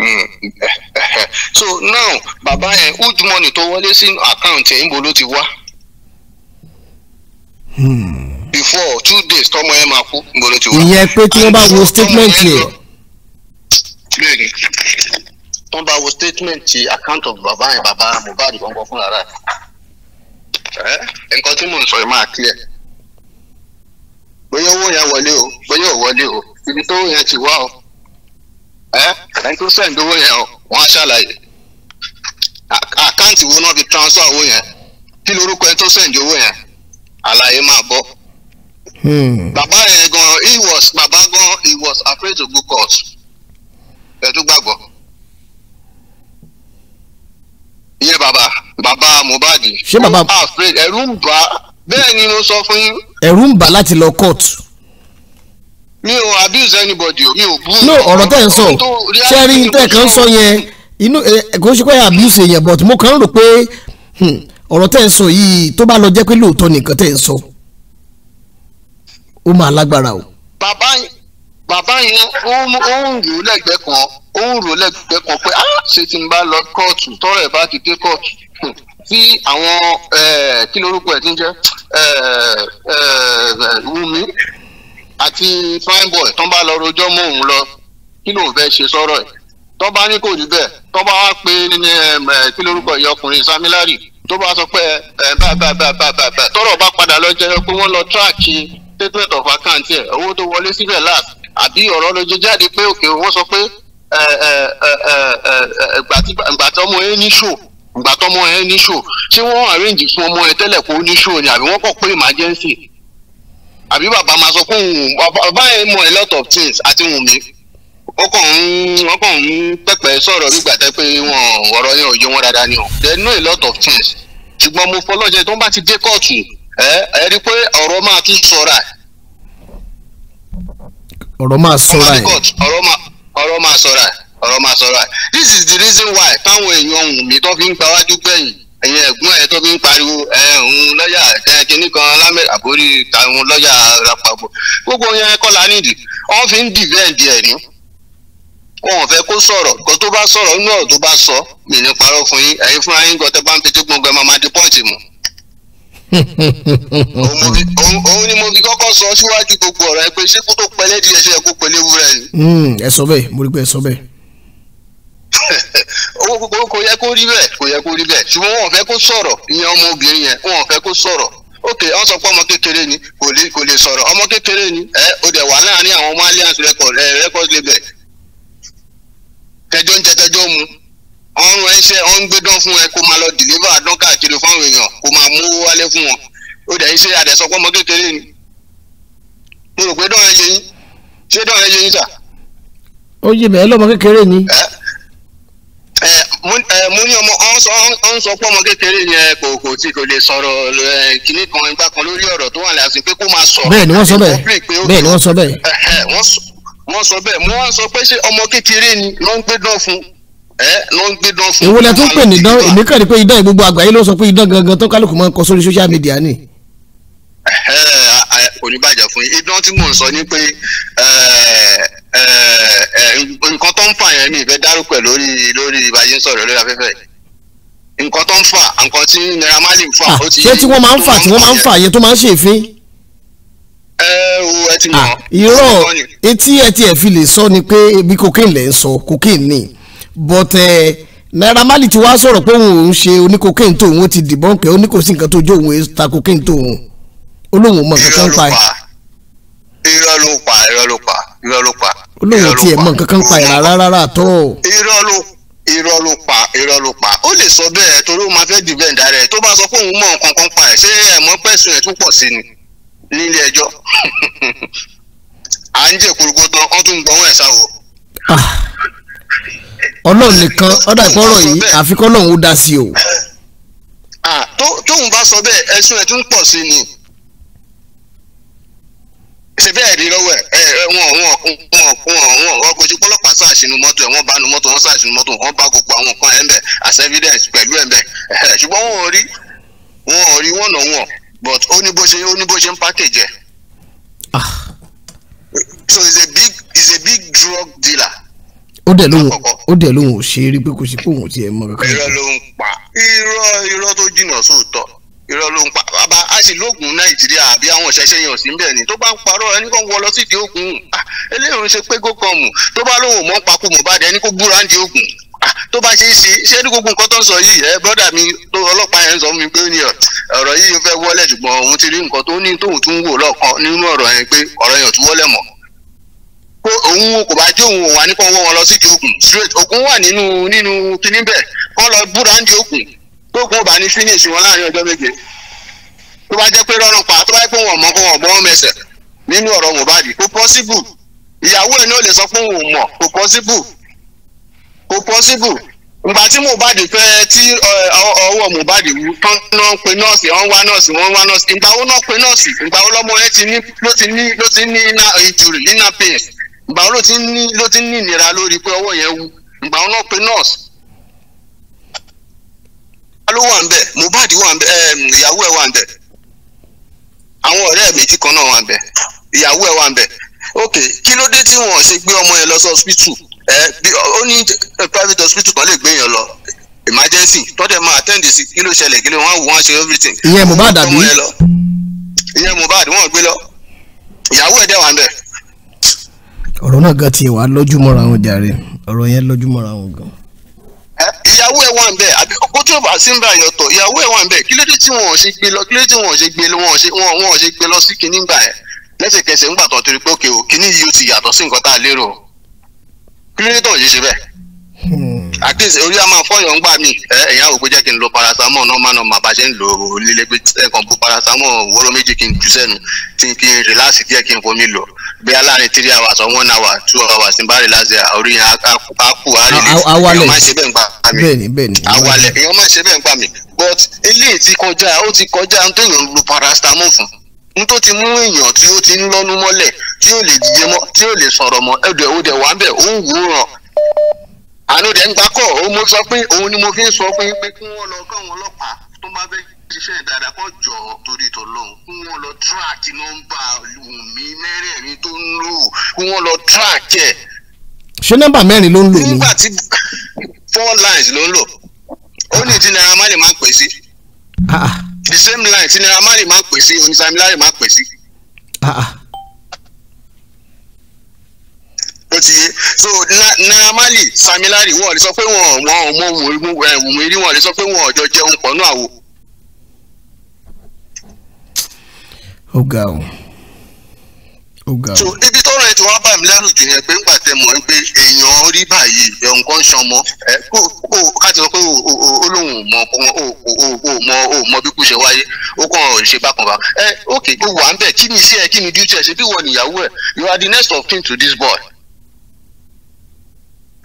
so now bàbá yẹn huge money tó wọlé sí àkáǹtì ẹ̀ ń bo ló ti wá before two days tọmọ ẹ máa kú ń bo ló ti wá. ìyẹn pé tí wọ́n bá wo statement yẹn. bẹ́ẹ̀ni wọ́n bá wo statement ti account of bàbá yẹn bàbá Mohbad gbọ̀ngàn fúnra rẹ̀ ẹ nǹkan tí mò ń sọ yìí máa clear bóyá owó yẹn wọlé o bóyá ò wọlé o ibi tó yẹn ti wá o. Eh? ẹni tó sẹ̀ ń dówó yẹn o wọ́n á ṣàlàyé àkáǹtì wo náà fi transfer owó yẹn kí lorúkọ ẹni tó send ń dówó yẹn àlàyé máa bọ́. Hmm. bàbá yẹn gan he was bàbá gan he was afraid to go court ẹ̀dú gbàgbọ́. iye bàbá Baba. Mohbad ṣé bàbá ẹ̀rù ń bà bẹ́ẹ̀ ni mo sọ fún yín. ẹ̀rù ń bà láti lọ court mi ò abuse anybody o mi ò bú. no ọ̀rọ̀ tẹ́ ń sọ ṣẹ́rí tẹ́ kan sọ yẹn inú kò ṣe pé abuse yẹn but mo kàn ń rò pé hmm, ọ̀rọ̀ tẹ́ ń sọ yìí tó bá lọ jẹ́ pé lóòótọ́ nìkan tẹ́ ń sọ ó máa lágbára o. bàbá bàbá yẹn ó ń rò lẹ́gbẹ̀ẹ́ kan ó ń rò lẹ́gbẹ̀ẹ́ kan pé á ṣe ti ń bá lọ kóòtù tọ́rọ̀ ẹ̀ bá ti dé kóòtù hmm, tí àwọn kí lorúkọ ẹ̀ ti ń jẹ́ Wùmí àti fine boy tán bá lọ rojọ́ mọ́ òun lọ kí lòun fẹ́ ṣe sọ́rọ̀ ẹ̀ tán bá ní kò rí bẹ́ẹ̀ tán bá wá pé ní kí lórúkọ ìyá ọkùnrin samilari tó bá sọ pé ẹ bá bá bá bá bá bá tọ́rọ̀ bá padà lọ jẹyọ pé wọ́n lọ tíráàkì statement of account ẹ̀ owó tó wọlé síbẹ̀ last àbí ọ̀rọ̀ lójú jáde pé òkè wọ́n sọ pé ìgbà tí ọmọ yẹn ní ṣò ìgbà tí ọmọ yẹn ní ṣò ṣé wọ́n arrange fún ọmọ yẹn tẹ́lẹ̀ kó ní ṣò ni àbí wọ́n kọ̀ pé emergency àbí bàbá máa sọ pé òun bàbá yẹn mọ a lot of things àti wùn mí wọ́n kàn ń pẹ̀pẹ̀ sọ̀rọ̀ gbígbà tẹ́ pé wọn ọ̀rọ̀ yẹn ò yé wọn dáadáa ni o they know a lot of things ṣùgbọ́n mo fọlọ́jẹ tó ń bá ti dé kóòtù ẹ ẹ rí i pé ọ̀rọ̀ máa tún sọ̀ra ọ̀rọ̀ máa sọ̀ra ẹ̀ ọ̀rọ̀ máa sọ̀ra ọ̀rọ̀ máa sọ̀ra this is the reason why táwọn èèyàn wùn mí tó fi ń gbáwájú gbẹ̀yìn ẹ̀yin ẹ̀gbọ́n ẹ̀ tó fi ń pariwo ẹ̀ ń lọ́yà kẹ́kínní kan lámẹ́rà borí àwọn lọ́yà rapapọ̀ gbogbo yẹn kọ́ la nídìí wọ́n fi ń dìbẹ́ǹdì ẹ̀ ní wọn ò fẹ́ kó sọ̀rọ̀ kó tó bá sọ̀rọ̀ inú ọ̀rọ̀ tó bá sọ mi ní parọ́ fún yín ẹ̀yin fúnra yín gọtẹ bá ń fetí gbọngbẹ máa máa di pọ́ǹtì mu. òun ni mo fi kọ́kọ́ sọ síwájú gbogbo ọ̀rọ̀ ẹ pé ṣé kó tó pẹlẹ́ di ẹsẹ̀ kó pẹlẹ́ wúrẹ́ ni. Hmm, ẹ sọ bẹ́ẹ̀ mo rí pé ẹ sọ bẹ́ẹ̀. kò yẹ kó rí bẹ́ẹ̀ kò yẹ kó rí bẹ́ẹ̀ ṣùgbọ́n wọn fẹ́ kó sọ̀rọ̀ ìyẹn ọmọbìnrin yẹn wọn fẹ́ kó sọ̀rọ̀ ok wọn sọ pé ọmọ kékeré ni kò lè kò lè sọ̀rọ̀ ọmọ kékeré ni ẹ o dẹ̀ wà láàrin àwọn ọmọ alliance record ẹ record label tẹjọ ń jẹ tẹjọ mu ọrùn ẹsẹ ọ ń fún ẹ kó máa lọ dán káàkiri mo ní ọmọ ọ̀hún sọ pé ọmọ kékeré yẹn kò kò tí kò lè sọ̀rọ̀ kìnnì kan ìgbà kan lórí ọ̀rọ̀ tó wà láti pé kó máa sọ̀rọ̀ bẹ́ẹ̀ ni wọ́n sọ bẹ́ẹ̀ bẹ́ẹ̀ ni wọ́n sọ bẹ́ẹ̀. wọ́n sọ bẹ́ẹ̀ mo wá sọ pé ṣé ọmọ kékeré ni ló ń gbé dán fún ló ń gbé dán fún. èwo lẹ tún pè ní dán èmi kàn ní pé idán gbogbo àgbáyé ló sọ pé idán gangan tó kálukú máa ń kọ sórí social media ni. kò ní bàjẹ́ fún yín idán tí mò ń sọ ni pé Eh, eh, nǹkan tó ń fà yẹn ni ìfẹ́ dárúkọ lórí lórí ìbàyẹn sọ̀rọ̀ lórí afẹ́fẹ́ nǹkan tó ń fà nǹkan tí Naira Marley ń fà ah, ó ti. ṣé tí wọ́n máa ń fà tí wọ́n máa ń fà yẹn tó máa ń ṣèfín. ẹ eh, wo ẹ ti mọ̀. Ah, irọ́ etí ẹ ti ẹ̀ fi lè sọ ni pé ibi cocaine lẹ̀ ń sọ cocaine ni but Naira Marley ti wá sọ̀rọ̀ pé òun ò ń ṣe oní cocaine tó òun ti dìbọ́ǹkẹ́ ó ní kò sí nǹkan tó jó òun ta cocaine tó òun olóhùn mọ̀ nǹkan tó ń pa ẹ̀. irọ́ ló pa irọ́ ló pa irọ́ ló pa. olóhùn tiẹ̀ mọ nǹkan kan pa ìrà rárá tó. irọ́ ló irọ́ ló pa irọ́ ló pa ó lè sọ bẹ́ẹ̀ torí ó máa fẹ́ jù bẹ́ẹ̀ dára ẹ̀ tó bá sọ pé òun mọ nǹkan kan pa ẹ̀ ṣé ẹ̀ mọ́ pẹ̀sùn ẹ̀ tún pọ̀ sí ni nílé ẹjọ́ à ń jẹ́ kúrúkú tán wọ́n tún ń gbọ́ wọ́n ẹ̀ sáwọ́. Ah. ọlọ́run nìkan ọ̀dà ìpọ́nrọ̀ yìí àfikọ́ lọ́hùn ó dá sí o. Ah, tóun bá sọ bẹ́ẹ̀ ẹ̀sùn ẹ̀ tún pọ̀ sí ni ṣe bẹ́ẹ̀ rí lọ́wọ́ ẹ̀ wọn wọn wọn wọn wọn ọkọ̀ ojú pọ́lọ́pàá ṣàṣìnú mọ́tò ẹ̀ wọ́n bá mọ́tò wọ́n ṣàṣìnú mọ́tò wọ́n bá gbogbo àwọn nǹkan ẹ̀ ń bẹ̀ as evidence pẹ̀lú ẹ̀ ń bẹ̀ ṣùgbọ́n wọn rí wọn rí wọn nà wọn but ó ní bó ṣe ó ní bó ṣe ń package ẹ̀. Ah. so he's a big he's a big drug dealer. ó dẹ̀ lóhùn ó dẹ̀ lóhùn ṣe é rí pé kò sí pé òun ti kankan. irọ́ ló ń pa irọ́ irọ́ irọ́ ló ń pa bàbá a sì lóògùn nàìjíríà àbí àwọn ìṣẹ̀ṣẹ̀ yàn sí bẹ́ẹ̀ ni tó bá ń parọ́ ẹni kan wọ lọ sí ìdí ògùn eléyìí ṣe pé gókànmù tó bá lóun mọ́ ń pakú Mohbad ẹni kó búra ń di ògùn tó bá ṣe é ṣe ṣé ní gbogbo nǹkan tó ń sọ yìí ẹ brọ́dà mi tó ọlọ́pàá yẹn ń sọ fún mi pé ó ní ọ̀rọ̀ yìí fẹ́ wọlé ṣùgbọ́n òun ti rí nǹkan tó ní tóun tún wò lọ́ọ̀kan nínú ọ̀rọ̀ yẹn pé ọ̀rọ̀ yẹn ò tún wọlé mọ́ pé òun kò bá jó òun wà nípa owó wọn lọ sí ìdí ògùn straight wà nínú nínú kíní bẹ́ẹ̀ kọ́ lọ búra ń di ògùn gbogbo ọba ní finish wọn láàrin ọjọ́ méje tó bá jẹ́ pé rọrùn pa tó bá jẹ́ pé wọn mọ kó mọ gbọ́n mẹsẹ̀ nínú ọ̀rọ̀ Mohbad kò possible ìyàwó ẹ̀ náà lè sọ fún òun possible kò possible tí fẹ́ tí ọwọ́ tán náà pe wá wá wo pe wo ẹ ló wà ń bẹ Mohbad wà ń bẹ ìyàwó ẹ wà ń bẹ àwọn ọ̀rẹ́ méjì kan náà wà ń ìyàwó ẹ wà ń ok kí ló dé tí wọn ṣe gbé ọmọ yẹn lọ sí hospital ẹ ó ní eh, private hospital kan lè gbé yẹn lọ emergency tọ́jà máa attend sí kí ló ṣẹlẹ̀ kí ló wọ́n wọ́n ṣe everything. ìyẹn Mohbad àbí ìyẹn Mohbad wọ́n gbé lọ ìyàwó ẹ̀ dẹ̀ wà ń bẹ̀. ọ̀rọ̀ náà gan ti wà lójúmọ́ra wọn jàre ọ̀rọ̀ yẹn lójúmọ́ra wọn gan ìyàwó ẹ wà ń bẹ àbí kó tó bá sí ń bá yàn tọ ìyàwó ẹ wà ń bẹ kí ló dé tí wọn ò ṣe gbé lọ kí ló dé tí wọn ò ṣe gbé lọ wọn ò ṣe wọn ò ṣe gbé lọ sí kinní gbà yẹn lẹ́sẹ̀kẹsẹ̀ ńgbà tó torí pé òkè o kinní yìí ó ti yàtọ̀ sí nǹkan tá a lérò kí ló dé tó ń ṣe ṣe bẹ́ẹ̀. Hmm. at least orí a máa fọyọ̀ ńgbà mi ẹ̀yà òpó jẹ́ kí n lo paracetamol náà máa nà máa bá ṣe ń lo líle pé bu paracetamol wóró méjì kí n jù sẹ́nu tí kí n relax díẹ̀ kí n fomi lò bíi aláàrin three hours or one hour two hours ní báyìí láti orí yẹn àrílẹ̀ èèyàn máa ṣe bẹ́ẹ̀ ń àwalẹ̀ máa but ti kọjá ti kọjá n téèyàn ń lo paracetamol fún n tó ti mú èèyàn tí ó ti ń lọ́nu mọ́lẹ̀ tí ó lè mọ́ tí mo sọ pé politician dáadáa kọ́ jọ torí tọ́lọ́hún kí wọ́n lọ track nọ́mbà Wùmí mẹ́rẹ̀ẹ̀rin tó ń lò kí wọ́n lọ track ẹ̀. ṣé nọ́mbà mẹ́rin ló ń lò ní. nígbà tí four lines ló ń lò ó ní tí Naira Marley máa ń pè sí. Ah, ah. the same line tí Naira Marley máa ń pè sí oní Sam máa ń pè sí. Ah, ó ti yé so Naira Marley Sam wọn ò lè sọ pé wọn ò mọ òun eh, rí wọn ò lè sọ pé wọn ò jọ jẹun pọ̀ náà wò. ó ga o ó ga o. so ibi tọrọ ẹ ti wá bà mí lẹ́rù jù yẹn pé ńgbà tẹ mọ̀ ẹ́ pé èèyàn rí báyìí ẹ̀hún kan ṣan mọ́ ẹ kó kó káti sọ pé ó lóun mọ ó mọ ó mọ bí kò ṣe wáyé ó kàn ṣe bákan bá ẹ ok ó wà ń bẹ̀ kí ni iṣẹ́ ẹ kí ni duty ẹ ṣe bí wọ́n níyàwó ẹ you are the next of kin to this boy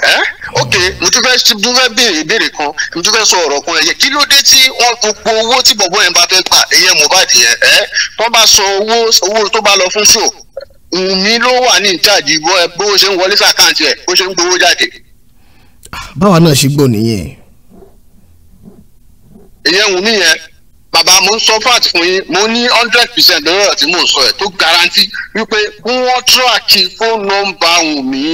ẹ ok mo tún fẹ́ tún fẹ́ béèrè ìbéèrè kan mo tún fẹ́ sọ ọ̀rọ̀ kan ẹyẹ kí ló dé tí wọ́n gbogbo owó tí bọ̀bọ̀ yẹn bá fẹ́ gbà ìyẹn Mohbad yẹn ẹ tó bá sọ owó owó tó bá lọ fún ṣò mi ló wà ní ìjáde bó bó ṣe ń wọlé sàkáǹtì ẹ bó ṣe ń gbowó jáde. báwa náà ṣe gbọ́ nìyẹn. ìyẹn wù mí yẹn bàbá mo ń sọ fat fún yín mo ní hundred percent lórí ọ̀rọ̀ tí mò ń sọ ẹ̀ tó garanti wípé wọ́n tíráàkì fóònù nọ́mbà wù mí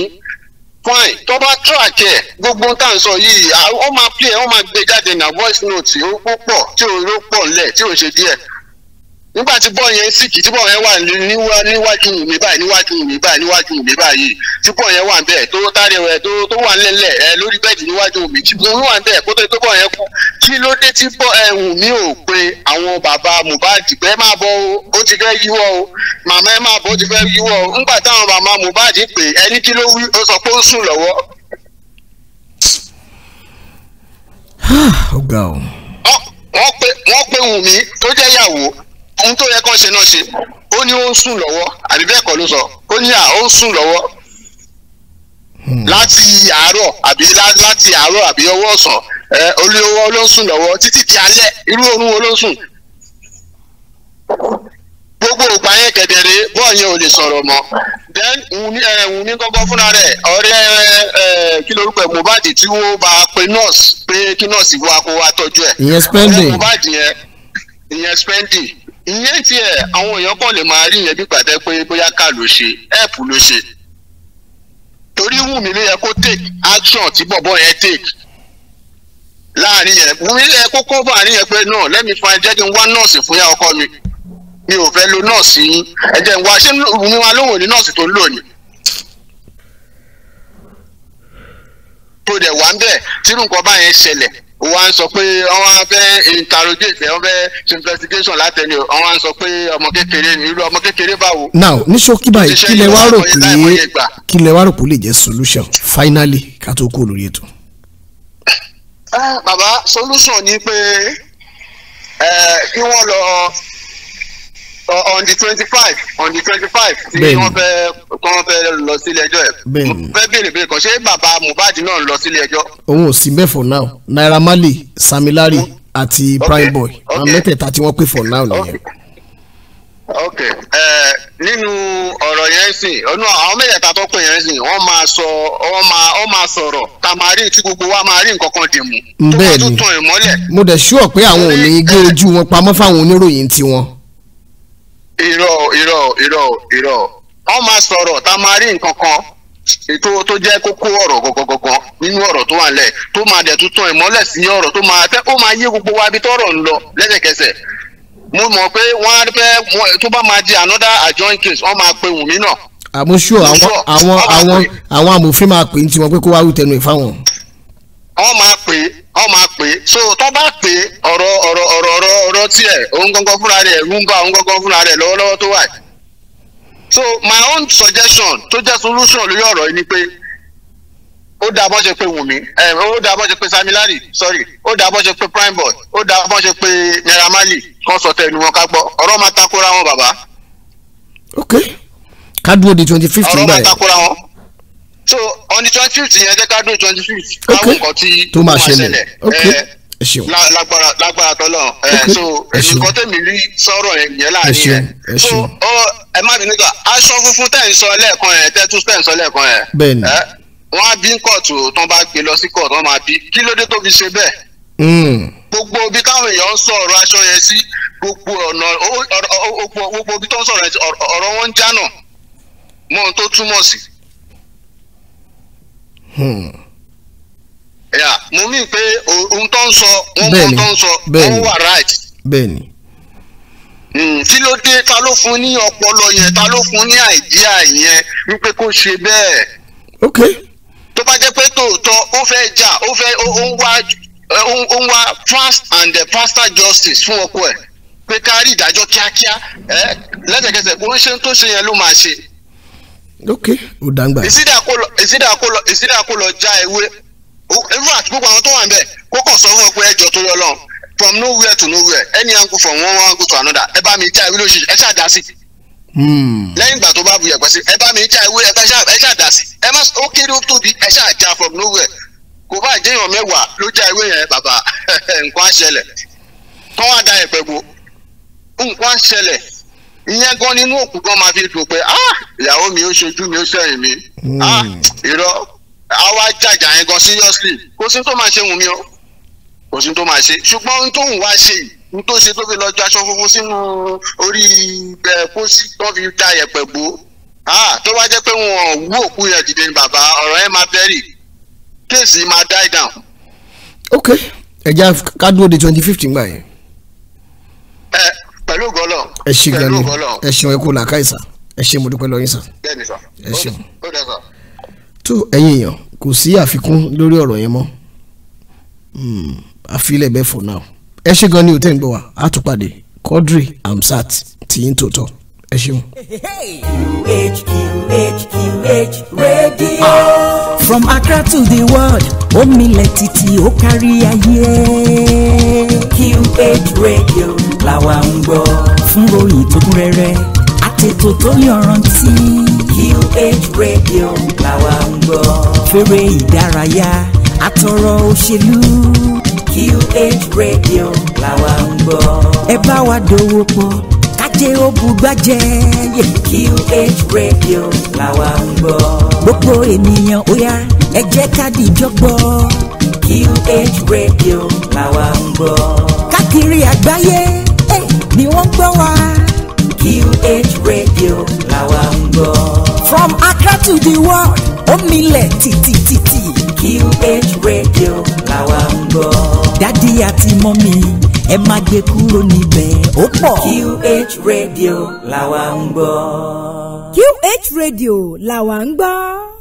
fine tó bá track ẹ gbogbo tá à ń sọ yìí ó máa play ó máa gbé jáde na voice note ó pọ̀ tí ó pọ̀ lẹ̀ tí ó ṣe díẹ̀ nígbà tí bọ́ọ̀ yẹn sìkì tí bọ́ọ̀ yẹn wà níwájú mi báyìí níwájú mi báyìí níwájú mi báyìí tí bọ́ọ̀ yẹn wà bẹ́ẹ̀ tó tárẹ̀ rẹ̀ tó tó wà lẹ́lẹ̀ ẹ lórí bẹ́ẹ̀dì níwájú mi tí mo wà bẹ́ẹ̀ kó tó tó bọ́ọ̀ yẹn kú kí ló dé tí bọ́ ẹ̀hún mi ò pe àwọn bàbá Mohbad pé ẹ máa bọ̀ o ó ti fẹ́ yíwọ́ o màmá ẹ máa bọ̀ ó ti fẹ́ yíwọ́ o ńgbà táwọn màmá Mohbad pè ẹni kí ló wí ó sọ pé ó sùn lọ́wọ́. ó ga o. wọ́n pe wọ́n pe Wùmí tó jẹ́ yàwó ohun tó yẹ kán ṣe náà ṣe ó ní ó sùn lọ́wọ́ àbí bẹ́ẹ̀ kọ́ ló sọ ó ní à ó sùn lọ́wọ́ hmm. láti àárọ̀ àbí láti àárọ̀ àbí ọwọ́ ọ̀sán olówó ló ń sùn lọ́wọ́ títí di alẹ́ irú oorun wo ló ń gbogbo ògbà yẹn kedere, bọ́ọ̀ yẹn ò lè sọ̀rọ̀ mọ́ then wùn ní kọ́kọ́ fúnra rẹ̀ Mohbad tí wọ́n bá pe ìyẹn tiẹ̀ àwọn èèyàn kan lè máa rí yẹn bí gbàtẹ́ pé bóyá ká ló ṣe ẹ̀pù ló ṣe torí Wùmí ló yẹ kó take action tí bọ̀bọ̀ yẹn take láàrin yẹn Wùmí ló yẹ kó cover àárín yẹn pé náà lẹ́mi fún ẹ jẹ́ kí n wá nọ́ọ̀sì fún yá ọkọ mi mi ò fẹ́ lo nọ́ọ̀sì yín ẹ jẹ́ n wá ṣé Wùmí wa lóhùn ní nọ́ọ̀sì tó ń lò ní. tó dẹ̀ wá ń bẹ̀ tí nǹkan bá yẹn ṣẹlẹ̀ wọ́n á sọ pé wọ́n á fẹ́ interrogate wọ́n fẹ́ ṣe investigation látẹ̀lé wọ́n á sọ pé ọmọ kékeré ni irú ọmọ kékeré báwo. now ní ṣókí báyìí kí lẹ wá rò pé kí lẹ wá rò pé lè jẹ́ solution finally ká tó kó lórí ètò. Ah, bàbá solution ni pé eh, kí wọ́n lọ on the twenty five on the twenty five tí wọ́n lọ sílé ẹjọ́ ẹ̀ mo fẹ́ béèrè kan ṣé bàbá Mohbad náà lọ sílé ẹjọ́. òun ò sí for now Naira Marley Sami Larry àti Prime Boy àwọn mẹ́tẹ̀ẹ̀ta tí wọ́n pè for now nìyẹn. ok eh, nínú ọ̀rọ̀ yẹn sìn ọ̀nà àwọn mẹ́tẹ̀ẹ̀ta tó pè yẹn sìn wọ́n máa sọ wọ́n máa wọ́n máa sọ̀rọ̀ máa rí tí gbogbo wa máa rí nǹkan dì mú. bẹ́ẹ̀ mo dẹ̀ pé àwọn ò ní ojú wọn irọ́ irọ́ irọ́ irọ́ wọ́n máa sọ̀rọ̀ tá a máa rí nǹkan kan ètò tó jẹ́ kókó ọ̀rọ̀ gọ̀gọ̀gọ̀gàn nínú ọ̀rọ̀ tó wà nílẹ̀ tó máa dẹ̀ tún ìmọ́lẹ̀ sí ọ̀rọ̀ tó máa fẹ́ ó máa yé gbogbo wa bí tọ́rọ̀ ń lọ lẹ́sẹ̀kẹsẹ̀ mo mọ̀ pé wọ́n á fẹ́ tó bá máa di another adjoint case wọ́n máa pe Wùnmí náà. àmúṣọ ah, àwọn àwọn àwọn amòfin máa pè é tiwọn pé kó wá rú tẹnu ìfáwọn wọ́n máa pè é wọ́n máa pè é so tó bá pè é ọ̀rọ̀ ọ̀rọ̀ ọ̀rọ̀ ọ̀rọ̀ ọ̀rọ̀ tiẹ̀ òun gangan fúnra rẹ̀ ń òun gangan fúnra rẹ̀ lọ́wọ́lọ́wọ́ tó wà yìí so my own suggestion tó jẹ́ solution lórí ọ̀rọ̀ yìí ni pé ó dáa bọ́n ṣe pé Wùmí eh, ó dáa bọ́n ṣe pé Sami sorry ó dáa bọ́n ṣe pé Prime Boy ó dáa bọ́n ṣe pé Naira Marley kan sọ tẹnu wọn ká gbọ́ ọ̀rọ̀ máa takora wọn bàbá. ok ká dúró di twenty fifth nígbà yẹn ọ̀rọ̀ máa so on the twenty fifth yẹn jẹ́ ká dùn twenty fifth káwọn nǹkan tí tó máa ṣẹlẹ̀ lágbára lágbára tọ́lọ̀ so nǹkan tẹ̀mí rí sọ̀rọ̀ yẹn láàrin yẹn so ẹ má bínú ká aṣọ funfun tẹ̀ ń sọ lẹ́ẹ̀kan yẹn tẹ́tù tẹ̀ ń sọ lẹ́ẹ̀kan yẹn wọ́n á bí kóòtù tó ń bá gbé lọ sí kóòtù wọ́n máa bí kí ló dé tó fi ṣe bẹ́ẹ̀ hmm. gbogbo ibi táwọn èèyàn ń sọ ọ̀rọ̀ aṣọ yẹn sí gbogbo ọ̀nà gbogbo ibi tó ń sọ̀rọ̀ yẹn sí ọ̀rọ̀ wọn ń jánà mọ́ ohun tó túmọ̀ sí Hmm. mo mí pé ohun tó ń sọ wọn mọ tó ń sọ wọn wà right. bẹ́ẹ̀ni. Hmm, kí ló dé ta ló fún ní ọpọlọ yẹn ta ló fún ní àìdíà yẹn wípé kó ṣe bẹ́ẹ̀. ok. tó bá jẹ́ pé tòótọ́ ó fẹ́ jà ó fẹ́ ó ń wá ó and uh, justice fún ọkọ ẹ̀ pé ká rí ìdájọ́ kíákíá lẹ́sẹ̀kẹsẹ̀ bó ń ṣe tó ṣe yẹn ló máa ṣe. ok ó dáńgbà. ìsídà kó lọ ìsídà kó lọ ìsídà kó lọ já ewé in fact gbogbo àwọn tó wà níbẹ̀ kó kàn sọ fún ọ pé ẹjọ́ from nowhere to nowhere any angle from one angle to another ẹ bá mi já ewé lóṣìṣẹ́ ẹ ṣáà dá sí hmm. lẹ́yìn ìgbà tó bá bu yẹ̀pẹ̀ sí ẹ bá mi já ewé from nowhere kò bá jẹ́yàn mẹ́wàá ló já ewé yẹn bàbá nǹkan ìyẹn gan nínú òkú gan máa fi dùn pé ah ìyàwó mi ó ṣojú mi ó ṣẹ̀yìn mi hmm. ah irọ́ àwa jàjà yẹn gan seriously kò sí tó máa ṣe wù mí o kò sí tó máa ṣe ṣùgbọ́n ohun tó ń wá ṣe yìí ohun tó ṣe tó fi lọ ju aṣọ funfun sínú orí eh, pósí tó fi da yẹ̀pẹ̀ bò ah, tó wá jẹ́ pé wọ́n wú òkú yẹn dìde ní bàbá ọ̀rọ̀ yẹn máa bẹ́rì kéèsì máa die down. ok ẹja ká dúró de twenty fifteen gbà yẹn. ẹ eh, pẹ̀lú gọlọ. ẹ ṣe gan ẹ ṣeun ẹ kú làákàyè sà ẹ ṣe mo dúpẹ́ lọ́wọ́ sà. ẹ ṣeun. tó ẹ̀yin èèyàn kò sí àfikún lórí ọ̀rọ̀ yẹn mọ́ àfilẹ̀ hmm, bẹ́ẹ̀ for now ẹ ṣe gan ò tẹ́ gbọ́ wa á tún pàdé Quadri Hamzat tòótọ́ ẹ ṣeun. From Accra to the world omilẹ̀ títí ó kárí ayé. QH radio làwa ń gbọ́. fún ròyìn tó kún rẹ́rẹ́ àtètò tó yọrantí. QH radio làwa ń gbọ́. fèrè ìdárayá àtọ̀rọ̀ òṣèlú. QH radio làwa ń gbọ́. ẹ bá wa dòwò pọ̀ kájé ó bugbájẹ́. QH radio làwa ń gbọ́. gbogbo ènìyàn ó yá ẹ jẹ́ ká dìjọ́ gbọ́. QH radio làwa ń gbọ́. káàkiri àgbáyé ni wọ́n ń gbọ́ wa. QH Radio làwa ń gbọ́. From Accra to the world ó milẹ̀ tìtìtìtì. QH Radio làwa ń gbọ́. dádì àti mọ́mí ẹ má gbé kúrò níbẹ̀ ó pọ̀. QH Radio làwa ń gbọ́. QH Radio làwa ń gbọ́.